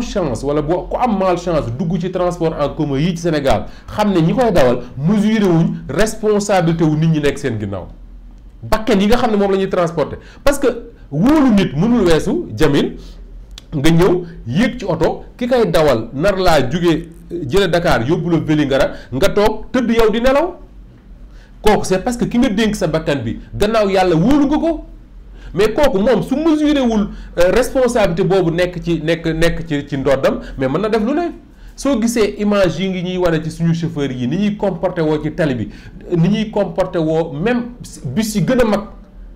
chance wala boo ku am chance dugg ci transport en commun yi ci Sénégal xam ne ñi koy dawal mesuré wuñ responsabilité wu nit ñi nekk seen ginnaaw bakkan yi nga xam ne moom la ñuy transporter parce que wóolu nit mënul weesu jamin nga ñëw yéeg ci oto ki koy dawal nar laa jóge eh, jële dakaar yóbbu la Vélingara nga toog tëdd yow di nelaw kooku c'est parce que ki nga dénk sa bakkan bi gannaaw yàlla wóolu nga ko mais kooku moom su mesuré wul euh, responsabilité boobu nekk ci nekk nekk ci ci ndoddam mais mën na def lu ne soo gisee image yi ngi ñuy wane ci suñu chauffeur yi ni ñuy comporté woo ci tali bi ni ñuy comporté woo même bus yi gën a mag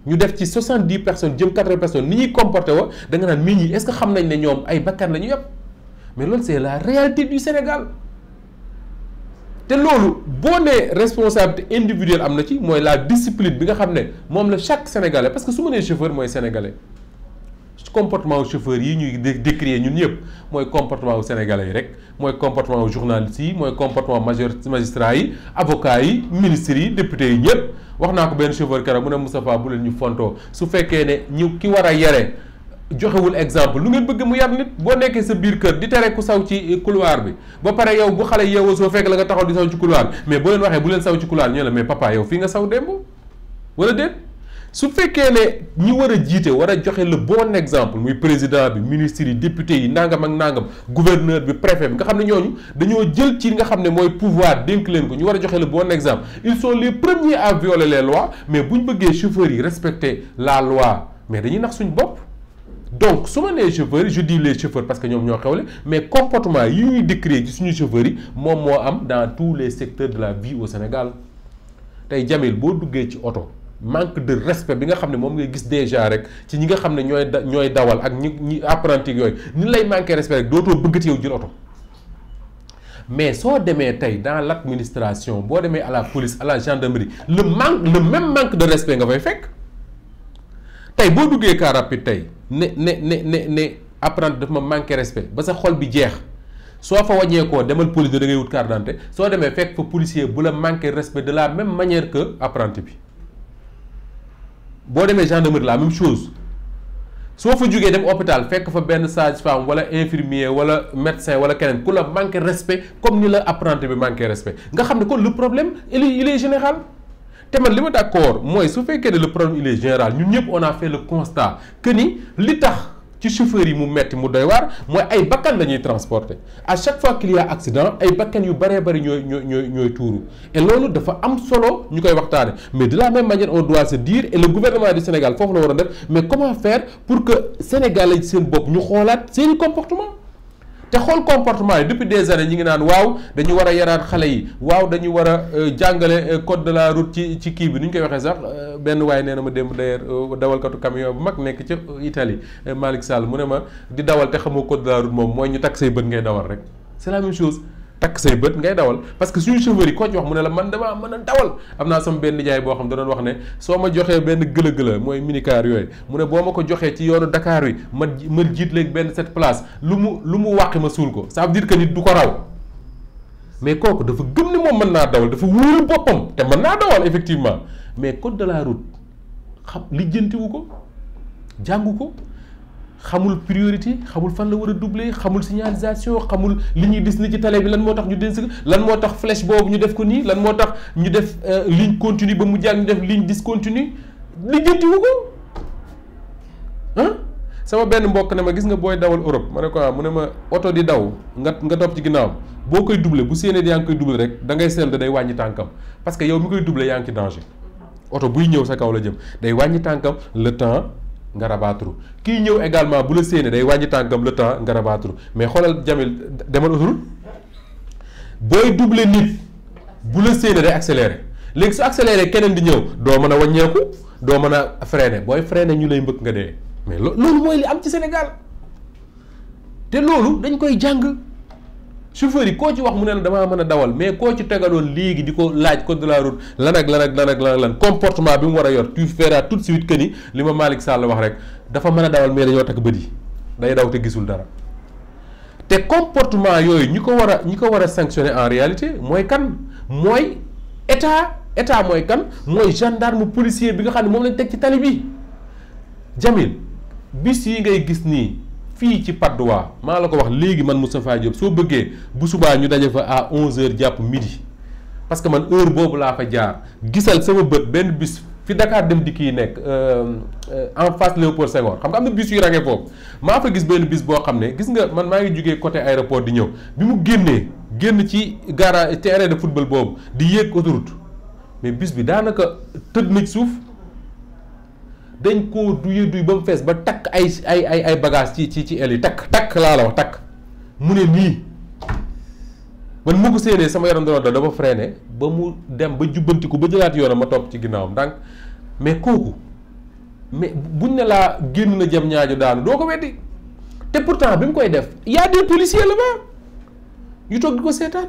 ñu def ci soixante dix personnes jëm quatre personnes ni ñuy comporté woo da nga naan mii ñi est ce que xam nañ ne ñoom ay bakkan la ñu yëpp mais loolu c' est la réalité du Sénégal te loolu boo nee responsabilité individuelle am na ci mooy la discipline bi nga xam ne moom la chaque sénégalais parce que su ma nee chauffeur mooy sénégalais comportement wu chauffeur yi ñuy décrier ñun ñëpp mooy comportement wu sénégalais yi rek mooy comportement wu journaliste yi mooy comportement major magistrat yi avocat yi ministres yi député yi ñëpp wax naa ko benn chauffeur keroog mu ne Moustapha bu leen ñu fontoo su fekkee ne ñu ki war a yere joxewul exemple lu ngeen bëgg mu yar nit boo nekkee sa biir kër di tere ku saw ci couloir bi ba pare yow bu xale yeewoo soo fekk la nga taxaw di saw ci couloir bi mais boo leen waxee bu leen saw ci couloir ñu la mais papa yow fii nga saw démb wala déet su fekkee ne ñi war a jiite war a joxe la bon exemple muy président bi ministre yi député yi nangam ak nangam gouverneur bi préfet bi nga xam ne ñooñu dañoo jël ci nga xam ne mooy pouvoir dénk leen ko ñu war a joxe le bon exemple ils sont les premiers à violer les lois mais bu ñu bëggee chauffeurs yi respecter la mais dañuy nax suñ bopp donc su ma nee chauffeurs yi je dis les chauffeurs parce que ñoom ñoo xewle mais comportement yi ñuy décrier ci suñu chauffeurs yi moom moo am dans tous les secteurs de la vie au Sénégal tey Jamil boo duggee ci oto manque de respect bi nga xam ne moom ngay gis déjà rek ci ñi nga xam ne ñooy da ñooy dawal ak ñi ñi apprenti yooyu ni lay manqué respect rek dootoo bëgg ci jël oto mais soo demee tey dans l' administration boo demee à la police à la gendarmerie le manque le manque de respect nga fay fekk. tey boo duggee car rapide tey ne ne ne ne ne apprenti daf ma manqué respect ba sa xol bi jeex soo fa wàññeekoo demal police da ngay wut carte d'identité soo demee fekk fa policier bu la manqué respect de la même manière que apprenti bi boo demee gendarmerie la même chose soo fa jugee dem hôpital fekk fa benn sage-femme wala infirmier wala médecin wala keneen ku la manqué respect comme ni la apprenti bi manqué respect nga xam ne kon le problème il est général. te man li ma d'accord mooy su fekkee ne le problème il est général ñun ñëpp on a fait le constat que ni li tax ci chauffeur yi mu metti mu doy waar mooy ay bakkan la ñuy transporter à chaque fois qu'il y ay bakkan yu bare bëri ñooy ñooy ñooy ñooy tuuru et loolu dafa am solo ñu koy waxtaane mais de la même manière on doit se dire et le gouvernement du Sénégal foofu la waroon def mais comment faire pour que Sénégalais seen bopp ñu xoolaat seen comportement te xool comportement yi depuis des années ñi ngi naan waaw dañu war a yaraat xale yi waaw dañu war a euh, jàngale euh, code de la route ci ci kii bi ni ñu koy waxee sax euh, benn waaye nee na ma démb d'ailleurs dawalkatu camion bu mag nekk ci Italie Malick Sall mu ne ma di dawal te xamoo code de la route moom mooy ñu takk say bët ngay dawal rek c'est la même chose takk say bët ngay dawal parce que suñu chauffeur yi koo ci wax mu ne la man damaa mën a dawal am naa sama benn nijaay boo xam da doon wax ne soo ma joxee benn gëlëgëla mooy minicar yooyu mu ne boo ma ko joxee ci yoonu dakaar wi ma ma jiit léegi benn set place lu mu lu mu wàqi ma suul ko ça veut dire que nit du ko raw mais kooku dafa gëm ne moom mën naa dawal dafa wóolu boppam te mën naa dawal effectivement mais code de la route xam lijjantiwu ko jàngu ko xamul priorité xamul fan la war a duble xamul signalisation xamul li ñuy gis ni ci télé bi lan moo tax ñu dénk lan moo tax flèche boobu ñu def ko nii lan moo tax ñu def euh, ligne continue ba mu jàng ñu def ligne discontinue li jëntiwu ko ah sama benn mbokk na ma gis nga booy dawal Europe ma ne ko ah, mu ne ma oto di daw nga nga topp ci ginnaaw boo koy doubler bu séenee yaa ngi koy doubler rek da ngay seetlu day wàññi tànkam parce que yow mi koy duble yaa ngi ci danger oto buy ñëw sa kaw la day wàññi tànkam le temps nga rabaatru kii ñëw également bu la séenee day wàññi tànkam le temps nga mais xoolal jamil demal autoroute booy doubler nit bu la séenee day accéléré léegi su accéléré keneen di ñëw doo mën a wàññeeku doo mën a freiné booy ne ñu lay mbëkk nga dee mais loolu mooy li am ci senegal te loolu dañ koy jàng. chauffeur yi koo ci wax mu ne la damaa mën a dawal mais koo ci tegaloon léegi di ko laaj code de la route lan ak lan ak lan ak lan lan comportement bi mu war a yor tu verras tout de suite que ni li ma Malick Sall wax rek dafa mën a dawal mais dañoo takk bët yi day daw te gisul dara te comportement yooyu ñi ko war a ñi ko war a sanctionner en réalité mooy kan mooy état état mooy kan mooy gendarme policier bi nga xam ne moom lañ teg ci tali bi Jamil bis yi ngay gis nii. fii ci Patte d'Oie maa la ko wax léegi man Moustapha Diop soo bëggee bu subaa ñu daje fa a 11h jàpp midi parce que man heure boobu laa fa jaar gisal sama bët benn bis fi Dakar dem di kii nekk euh, euh, en face Léopold Senghor xam nga am na bis yu ragee foofu maa fa gis benn bis boo xam ne gis nga man maa ngi jugee côté aéroport di ñëw bi mu génnee génn ci gara terrain de football boobu di yéeg autoroute mais bis bi daanaka tëdd na ci suuf. dañ koo duye duy ba mu fees ba takk ay ay ay ay bagage ci ci ci el yi takk takk laala la takk mu ne nii man mu ko séenee sama yaram doon daw dama freiné ba mu dem ba jubbantiku ba jëlaat yoonam ma topp ci ginnaawam donc mais kooku mais buñ ne laa génn na jëm ñaaju daanu doo ko weddi te pourtant bi mu koy def y a des policiers là yu toog di ko seetaan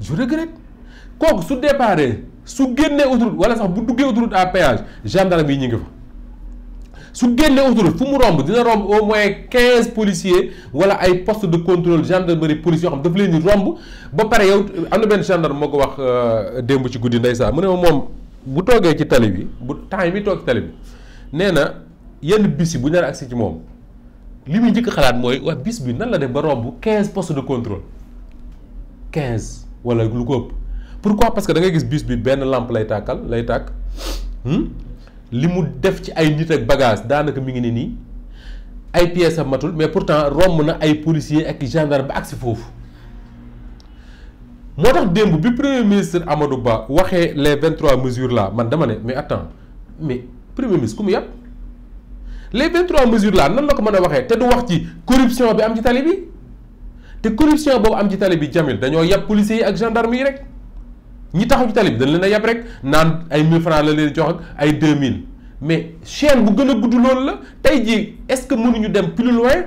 je regrette kooku su déparé su génnee autoroute wala sax bu duggee autoroute à péage gendarme yi ñu ngi fa su génnee autoroute fu mu romb dina romb au moins quinze policiers wala ay poste de contrôle gendarmerie police yoo xam daf leen di romb ba pare yow am benn gendarme moo ko wax euh, démb ci guddi ndeysaan mu ne moom bu toogee ci tali bi bu temps yi toog ci nee na yenn bis bu nar agsi ci moom li muy njëkk xalaat mooy wax bis bi nan la def ba romb quinze poste de contrôle quinze wala lu ko ëpp pourquoi parce que da ngay gis bus bi benn lampe lay tàkkal lay tàkk hmm? li mu def ci ay nit ak bagage daanaka mi ngi ne nii ay pièces matul mais pourtant romb na ay policiers ak gendarme ba agsi foofu moo tax démb bi premier ministre waxee les vingt trois mesures man dama mais attends mais premier ministre ku mu les vingt trois mesures nan la ko mën a waxee te du wax ci corruption bi am ci tali bi te corruption boobu am ci tali bi Jamil dañoo yàpp policiers yi ak yi rek ñi taxaw ci tali bi dañ leen a yab rek naan ay 1000 francs la leen jox ak ay 2000 mais chaine bu gën a gudd loolu la tey jii est-ce que mënuñu dem plus loin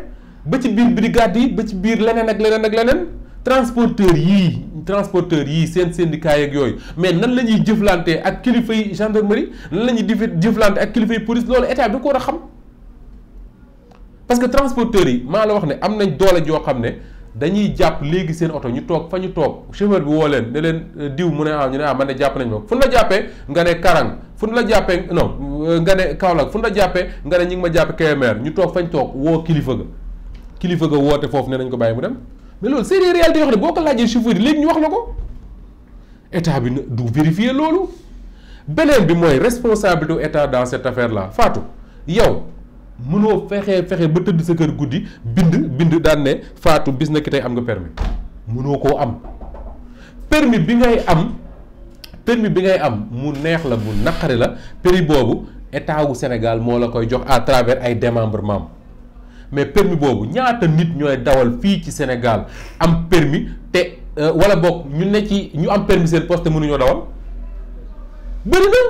ba ci biir brigade yi ba ci biir leneen ak leneen ak leneen transporteur yii transporteur yii seen syndicat yeeg yooyu mais nan la ñuy jëflante ak kilifa yi gendarmerie nan la ñuy difi jëflante ak kilifay yi police loolu état bi ko war a xam parce que transporteur yi maa la wax ne am nañ doole joo xam ne. dañuy jàpp léegi seen oto ñu toog fa ñu toog chauffeur bi woo leen ne leen euh, diw mu ne ah ñu ne ah man de jàpp nañ ma fu ñu la jàppee nga ne Karang fu ñu la jàppee non euh, nga ne Kaolack fu la jàppee nga ne ñu ngi ma jàpp KMR ñu toog fañ toog woo kilifa ga kilifa ga woote foofu ne nañ ko bàyyi mu dem mais loolu c'est des réalités wax xam ne boo ko laajee chauffeur yi léegi ñu wax la ko état bi du vérifier loolu beneen bi mooy responsabilité état dans cette affaire la faatu yow mënoo fexe fexe ba tëdd sa kër guddi bind bind daan ne faatu bis na ki tey am nga permis mënoo koo am permis bi ngay am permis bi ngay am mu neex la mu naqari la permis boobu état wu Sénégal moo la koy jox à travers ay démembrement mais permis boobu ñaata nit ñooy dawal fii ci Sénégal am permis te euh, wala bokk ñu ne ci ñu am permis seen poste mënuñoo dawal bëri na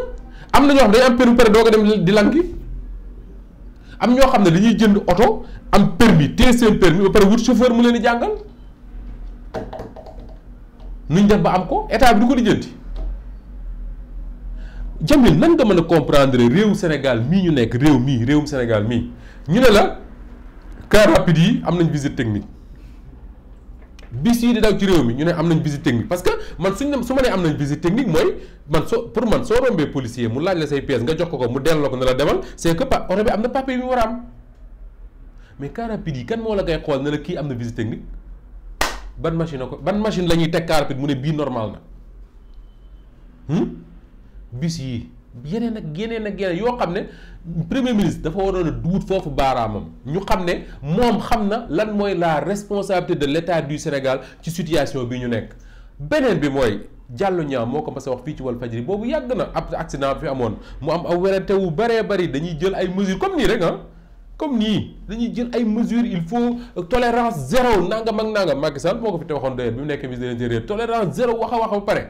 am na ñoo xam dañu am permis pare doo ko dem di lanki am ñoo xam ne dañuy jënd oto am permis te seen permis ba pare wut chauffeur mu leen di jàngal nuñ def ba am ko état bi du ko lijjanti Jamil nan nga mën a comprendre réew Sénégal mii ñu nekk réew mii réewum Sénégal mii ñu ne la car rapide yi am nañ visite technique. bis yi di daw ci réew mi ñu ne am nañ visite technique parce que man suñ ne su ma nee am nañ visite technique mooy man soo pour man soo rombee policier mu laaj la say pièces nga jox ko ko mu delloo ko ne la demal c'est que oto bi am na papier mu war a mais car rapide yi kan moo la koy xool ne la kii am na visite technique ban machine ko ban machine la ñuy teg car mu ne bii normal na hmm? bis yi yeneen ak yeneen ak yeneen yoo xam ne premier ministre dafa waroon a duut foofu baaraamam ñu xam ne moom xam na lan mooy laa responsabilité de l'état du Sénégal ci situation bi ñu nekk beneen bi mooy Diallo Niang moo ko mas a wax fii ci Walfadjri boobu yàgg na ab accident bi fi amoon mu am aw werante wu bëree bëri dañuy jël ay mesures comme nii rek ah comme nii dañuy jël ay mesures il faut tolérance zéro nangam ak nangam Macky Sall moo ko fi te waxoon doyen mu nekk ministre de l'intérieur tolérance zéro wax a wax ba pare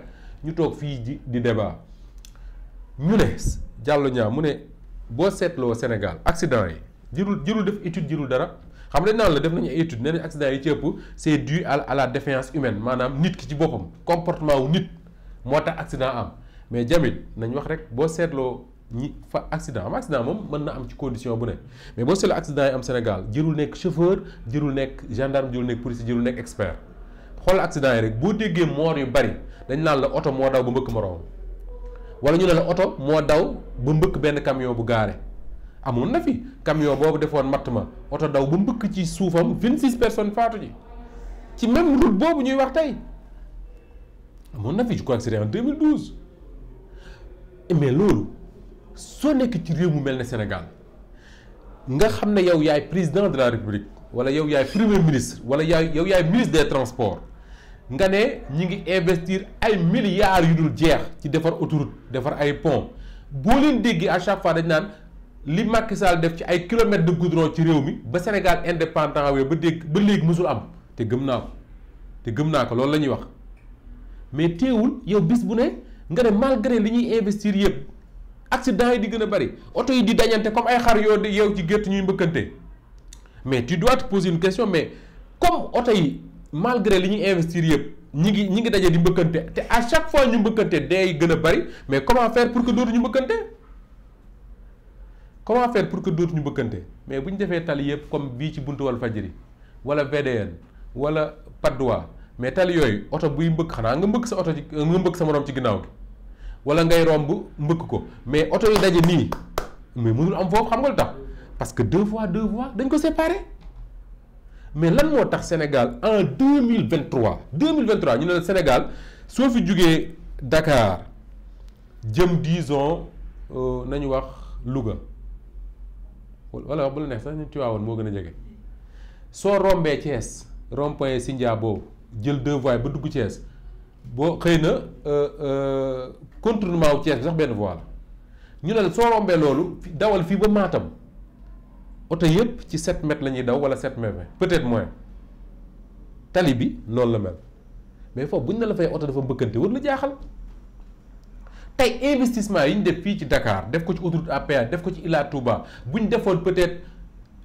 ñu toog fii di débat ñu ne Diallo ñaa mu ne boo seetloo Sénégal accident yi jirul jirul def étude jirul dara xam nga naan la def nañu ay étude nee nañ accident yi ci ëpp c'est dû à la défiance humaine maanaam nit ki ci boppam comportement wu nit moo tax accident am mais jamit nañ wax rek boo seetloo ñi fa accident am accident moom mën na am ci condition bu ne mais boo seetloo accident yi am Sénégal jirul nekk chauffeur jirul nekk gendarme jirul nekk policier jirul nekk expert xool accident yi rek boo déggee moor yu bari dañ naan la oto moo daw moroom wala ñu ne la oto moo daw ba mbëkk benn camion bu gaare amoon na fi camion boobu defoon matt ma oto daw ba mbëkk ci suufam vingt six personnes faatu ci même route boobu ñuy wax tey amoon na fi je crois que mais loolu soo nekk ci réew mu mel ni Sénégal nga xam ne yow yaay président de la République wala yow yaay premier ministre wala yaay yow yaay ministre des transport nga ne ñi ngi investir ay milliards yu dul jeex ci defar autoroute defar ay pont boo leen déggee à chaque fois dañ naan li Macky Sall def ci ay kilomètres de goudron ci réew mi ba Sénégal indépendant wee ba dégg ba léegi mësul am te gëm naa ko te gëm naa ko loolu la ñuy wax mais teewul yow bis bu ne nga ne malgré li ñuy investir yëpp accident yi di gën bari oto yi di dañante comme ay xar yoo yow ci gerte ñuy mbëkkante mais tu dois te poser question mais comme oto yi. malgré li ñu investir yëpp ñi ngi ñi ngi daje di mbëkkante te à chaque fois ñu mbëkkante day gën a bari mais comment faire pour que dootu ñu mbëkkante comment pour que dootu ñu mbëkkante mais bu ñu defee tali yëpp comme bii ci buntu Walfadjri wala VDN wala Patte d'Oie mais tal yooyu oto buy mbëkk xanaa nga mbëkk sa oto ci nga mbëkk sa morom ci ginnaaw gi wala ngay romb mbëkk ko mais oto yi daje nii mais mënul am foofu xam nga lu tax parce que deux fois deux voies dañ ko séparer mais lan moo tax Sénégal en deux mille vingt trois deux mille vingt trois ñu ne la Sénégal soo fi jugee Dakar jëm disons euh, nañu wax Louga wala wax bu la neex sax ñu Tivaouane moo gën a jege soo rombee Thiès rond si Sindia boobu jël deux voies ba dugg Thiès boo xëy na euh, euh, contournement wu Thiès bi sax benn voie ñu ne la soo rombee loolu dawal fii ba maatam oto yëpp ci 7 mètres la ñuy daw wala 7 mètres peut-être moins tali bi noonu la mel mais foofu buñ ne la fay oto dafa mbëkkante war lu jaaxal tey investissement yi ñu def fii ci dakaar def ko ci autoroute à péage def ko ci Ila Touba buñ defoon peut-être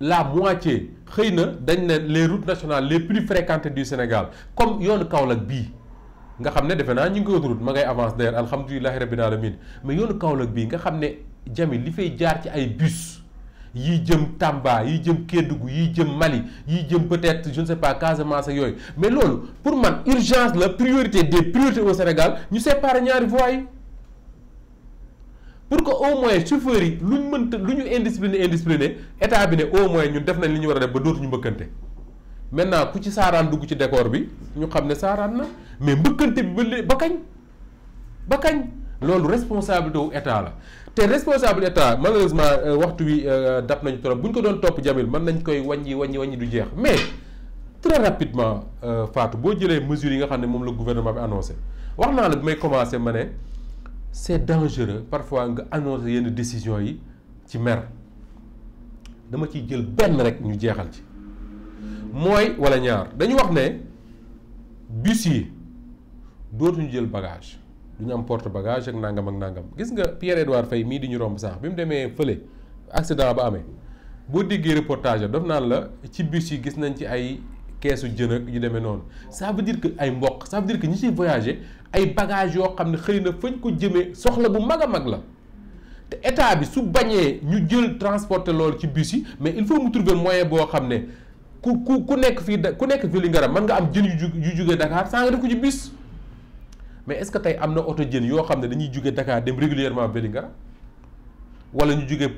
la moitié xëy na dañ ne les routes nationales les plus fréquentées du Sénégal comme yoonu Kaolack bii nga xam ne defe naa ñi ngi koy autoroute ma ngay avance d'ailleurs alhamdulilahi rabbil alamin mais yoonu Kaolack bii nga xam ne jami li fay jaar ci ay bus yi jëm Tamba yi jëm Kédougou yi jëm Mali yi jëm peut-être je ne sais pas Casamance yooyu mais loolu pour man urgence la priorité des priorités au Sénégal ñu séparer ñaari voies yi pour que au moins chauffeurs yi luñ mënta lu ñu indiscipliné indiscipliné état bi ne au moins ñun def nañ li ñu war a def ba dootuñu mbëkkante maintenant ku ci saaraan dugg ci décor bi ñu xam ne saaraan na mais mbëkkante bi ba ba kañ ba kañ loolu responsabilité wu état la. te responsable état malheureusement euh, waxtu wi euh, dab nañu trop bu ñu ko doon topp Jamil man nañ koy wàññi wàññi wàññi du jeex mais très rapidement euh, Fatou boo jëlee mesures yi nga xam ne moom la gouvernement bi annoncé wax naa la bi may commencé ma ne c'est dangereux parfois nga annoncé yenn décisions yi ci mer dama ciy jël benn rek ñu jeexal ci mooy walla ñaar dañu wax ne bus yi ñu jël bagage. du ñu am porte bagage ak nangam ak nangam gis nga Pierre Edouard Faye mii di ñu romb sax bi mu demee fële accident ba amee boo déggee reportage la daf naan la ci bus yi gis nañ ci ay keesu jën ak yu demee noonu ça veut dire que ay mboq ça veut dire que ñi ciy ay bagages yoo xam ne xëy na fañ ko jëmee soxla bu mag a mag la. te état bi su bañee ñu jël transporter loolu ci bus yi mais il faut mu trouver moyen boo xam ne ku ku ku nekk fii da ku nekk fii Vélingara mën nga am jën yu ju yu jugee Dakar saa nga def ko ci bus. mais est-ce que tey am na oto jën yoo xam ne dañuy jóge Dakar dem régulièrement Vélingara wala ñu jóge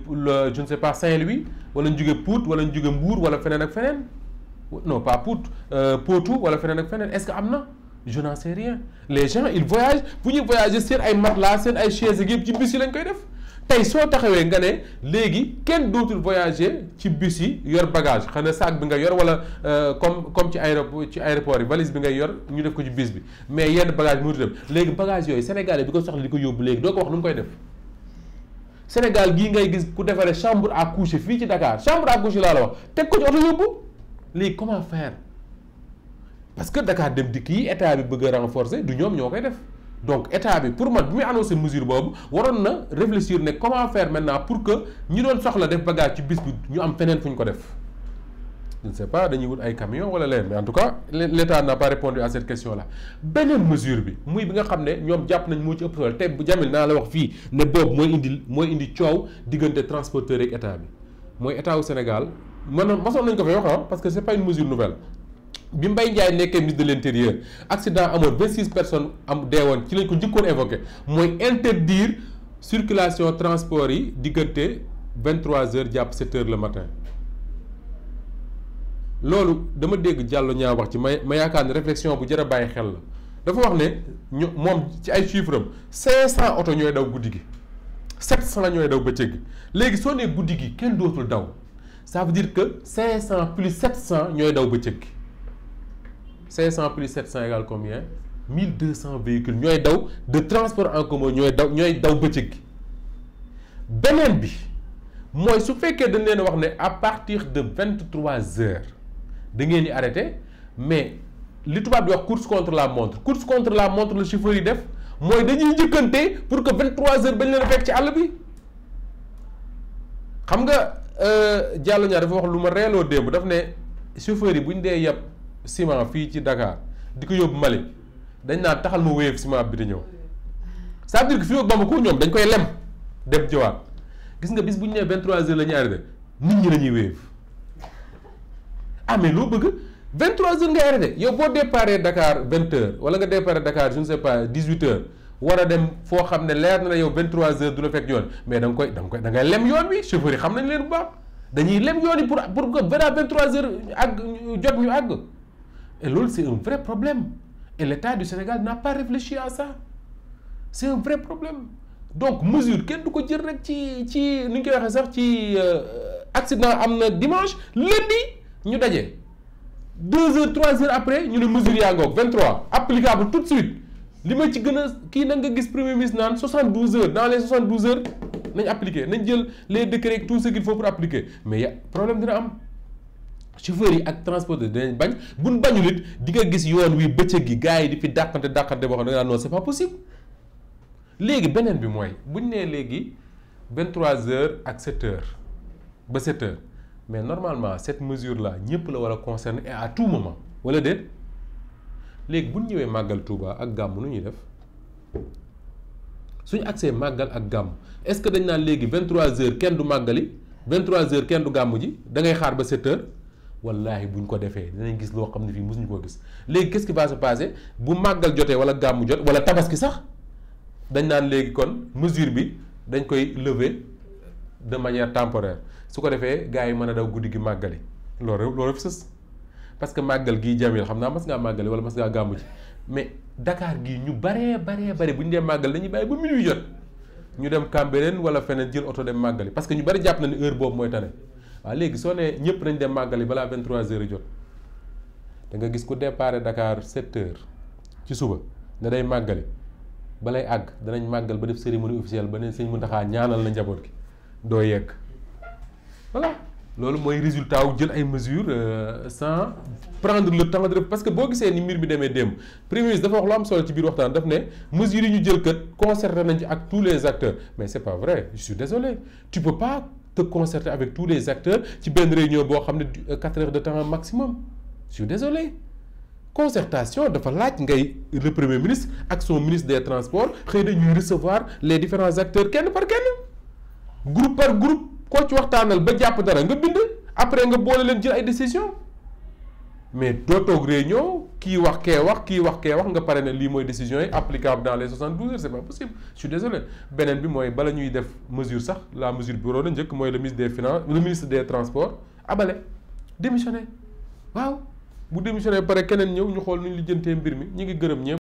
je ne sais pas Saint-Louis wala ñu jóge Pout wala ñu jóge mbuur wala feneen ak feneen non pas Pout euh, Potou wala feneen ak feneen est-ce que am na je n'en sais rien les gens ils voyagent bu ñuy voyager seen ay matelas seen ay chaises yëpp ci bis yi lañ koy def tey soo taxawee nga ne léegi kenn dootul voyager ci bus yi yor bagage xanaa sac bi nga yor wala euh, comme comme ci aéroport ci aéroport yi valise bi ngay yor ñu def ko ci bus bi mais yenn bagage mënut dem léegi bagage yooyu sénégalais bi ko soxla di ko yóbbu léegi doo ko wax nu mu koy def Sénégal gii ngay gis ku defaree chambre à coucher fii ci Dakar chambre à coucher laa la wax teg ko ci oto yóbbu léegi comment faire parce que Dakar dem dikk yi état bi bëgg a du ñoom ñoo koy def. donc état bi pour man bi muy annoncé mesure boobu waroon na réfléchir ne comment faire maintenant pour que ñi doon soxla def bagage ci bis ñu am feneen fu ñu ko def je ne sais pas dañuy wut ay camion wala leen mais en tout cas leen état n'a pas répondu à cette question bi muy bi nga xam ne ñoom jàpp nañ moo ci ëpp solo te naa la wax fii ne boobu mooy indi mooy indi coow diggante transporteur ak état bi mooy état wu Sénégal man mosoon nañ ko fa wax ah, parce que c' est pas une mesure nouvelle bi mbay Ndiaye nekkee ministre de l' intérieur accident amoon vingt six personnes am deewoon ci lañ ko njëkkoon évoqué mooy interdire circulation transport yi diggante vingt trois jàpp sept la le matin loolu dama dégg Diallo ñaa wax ci ma ma yaakaar ne réflexion bu jar a bàyyi xel la dafa wax ne ñu moom ci ay chiffres am cent oto ñooy daw guddi gi sept cent la ñooy daw bëccëg gi léegi soo nee guddi gi kenn dootul daw ça veut dire que cinq cent plus sept cent ñooy daw bëccëg gi cent plus 700 égale combien 1200 véhicules ñooy daw de transport en commun ñooy daw ñooy daw bëccëg gi beneen bi mooy su fekkee dañ leen wax ne à partir de 23 heures da ngeen di arrêté mais li tubaab di wax course contre la montre course contre la montre la chauffeur def mooy dañuy njëkkante pour que 23 heures bañ leen fekk ci àll bi xam nga euh, Diallo Niang dafa wax lu ma reeloo démb daf ne chauffeur yi buñ dee yàpp. ciment fii ci Dakar di ko yóbbu Mali dañ naa taxal ma wéyeef ciment bi di ñëw sa veut dire que fii ak Bamako ñoom dañ koy lem dem jiwaat gis nga bis bu ñu nee 23 heures la ñu arrêté nit ñi la ñuy wéyeef ah mais loo bëgg 23 heures nga arrêté yow boo déparé Dakar 20 heures wala nga déparé Dakar je ne sais pas 18 heures war a dem foo xam ne leer na la yow 23 heures du la fekk yoon mais da nga koy da nga koy lem yoon wi chauffeur xam nañ leen bu baax lem yoon yi pour pour que balaa 23 heures àgg jot ñu àgg. Et loolu c'est un vrai problème. Et l'État du Sénégal n'a pas réfléchi à ça. C'est un vrai problème. donc mesure kenn du ko jël rek ci ci nu ñu koy waxee sax ci euh, accident am na dimanche lundi ñu daje deux heures trois heures après ñu ne mesure yaa ngoog vingt trois applicable tout de suite li ma ci gën a kii na nga gis premier ministre naan soixante douze heures dans les soixante douze heures nañ appliquer nañ jël les décrets tout ce qu'il faut pour appliquer am chauffeurs yi ak transporteurs dinañ bañ buñ bañul it di nga gis yoon wi bëccëg gi gars yi di fi dàqante dàqante boo xam ne da nga naan non pas possible léegi beneen bi mooy buñ nee léegi vingt trois heures ak sept ba sept heures mais normalement cette mesure là ñëpp la war a concerner et à tout moment wala déet léegi buñ ñëwee màggal Touba ak gàmm nu ñuy def suñu agsee màggal ak gàmm est-ce que dañ naan léegi vingt trois heures kenn du màggali vingt trois heures kenn du gàmm ji da ngay xaar ba sept bu ñu ko defee dinañ gis loo xam ne fii mosuñu koo gis léegi qu'est-ce qui bu màggal jotee wala gàmmu jot wala tabaski sax dañ naan léegi kon mesure bi dañ koy lever de manière temporaire su ko defee gars yi mën a daw guddi gi màggali loolu rek loolu rek sës parce que màggal gii jamil xam naa mas ngaa màggali wala mas ngaa gàmmu ji mais Dakar gii ñu baree baree bare bu ñu dee màggal dañuy bàyyi ba minuit jot ñu dem Cambérène wala feneen jël oto dem màggali parce que ñu bari jàpp na ni boobu mooy tane waaw léegi soo nee ñëpp nañ dem màggali balaa 23h jot da nga gis ku départ Dakar 7h ci suba ne day màggali balay àgg danañ màggal ba def cérémonie officielle ba ne mu Mountakha ñaanal na njaboot gi doo yegg voilà. loolu mooy résultat wu jël ay mesures euh, sans prendre le temps de parce boo gisee ni mbir mi demee dem premier ministre dafa wax lu am solo ci biir waxtaan daf ne mesures yi ñu jël kat concerté nañ ci ak tous les acteurs mais c'est pas vrai je suis te concerté avec tous les acteurs ci benn réunion boo xam ne euh, quatre heures de temps maximum je suis désolé concertation dafa laaj ngay le premier ministre ak son ministre des transports xëy na ñuy recevoir les différents acteurs kenn par kenn groupe par groupe koo ci waxtaanal ba jàpp dara nga bind après nga boole leen jël ay décisions. mais doo toog ñëw kii wax kee wax kii wax kee wax nga pare ne lii mooy décision yi applicable dans les 72 heures c'est pas possible je suis désolé beneen bi mooy bala ñuy def mesure sax la mesure bi waroon a njëkk mooy le ministre des finances le ministre des transports abale démissionné waaw bu démissionné pare keneen ñëw ñu xool nu ñu lijjantee mbir mi ñu ngi gërëm ñëpp